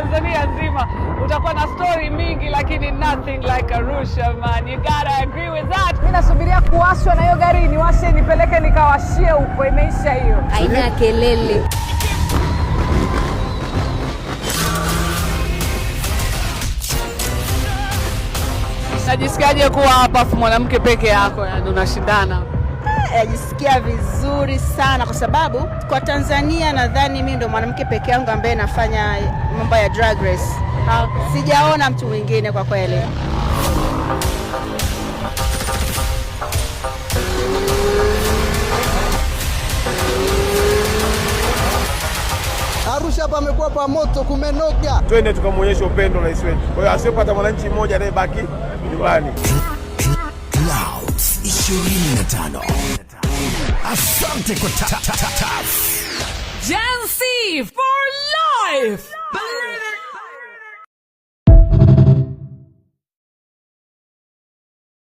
Tanzania nzima utakuwa na story mingi, lakini nothing like Arusha man, you gotta agree with that. Mimi nasubiria kuwashwa na hiyo gari, niwashe nipeleke nikawashie huko, imeisha hiyo aina ya kelele. Najisikiaje kuwa hapa mwanamke peke yako, yani unashindana najisikia vizuri sana kwa sababu kwa Tanzania nadhani mimi ndo mwanamke peke yangu ambaye nafanya mambo ya drag race. Okay. Sijaona mtu mwingine kwa kweli. Arusha hapa amekuwa pa moto, kumenoga. Twende tukamwonyesha upendo rais wetu. Kwa hiyo asiyopata mwananchi mmoja anayebaki nyumbani. Clouds 25 Asante kwa ta ta ta ta. Gen Z for life. life.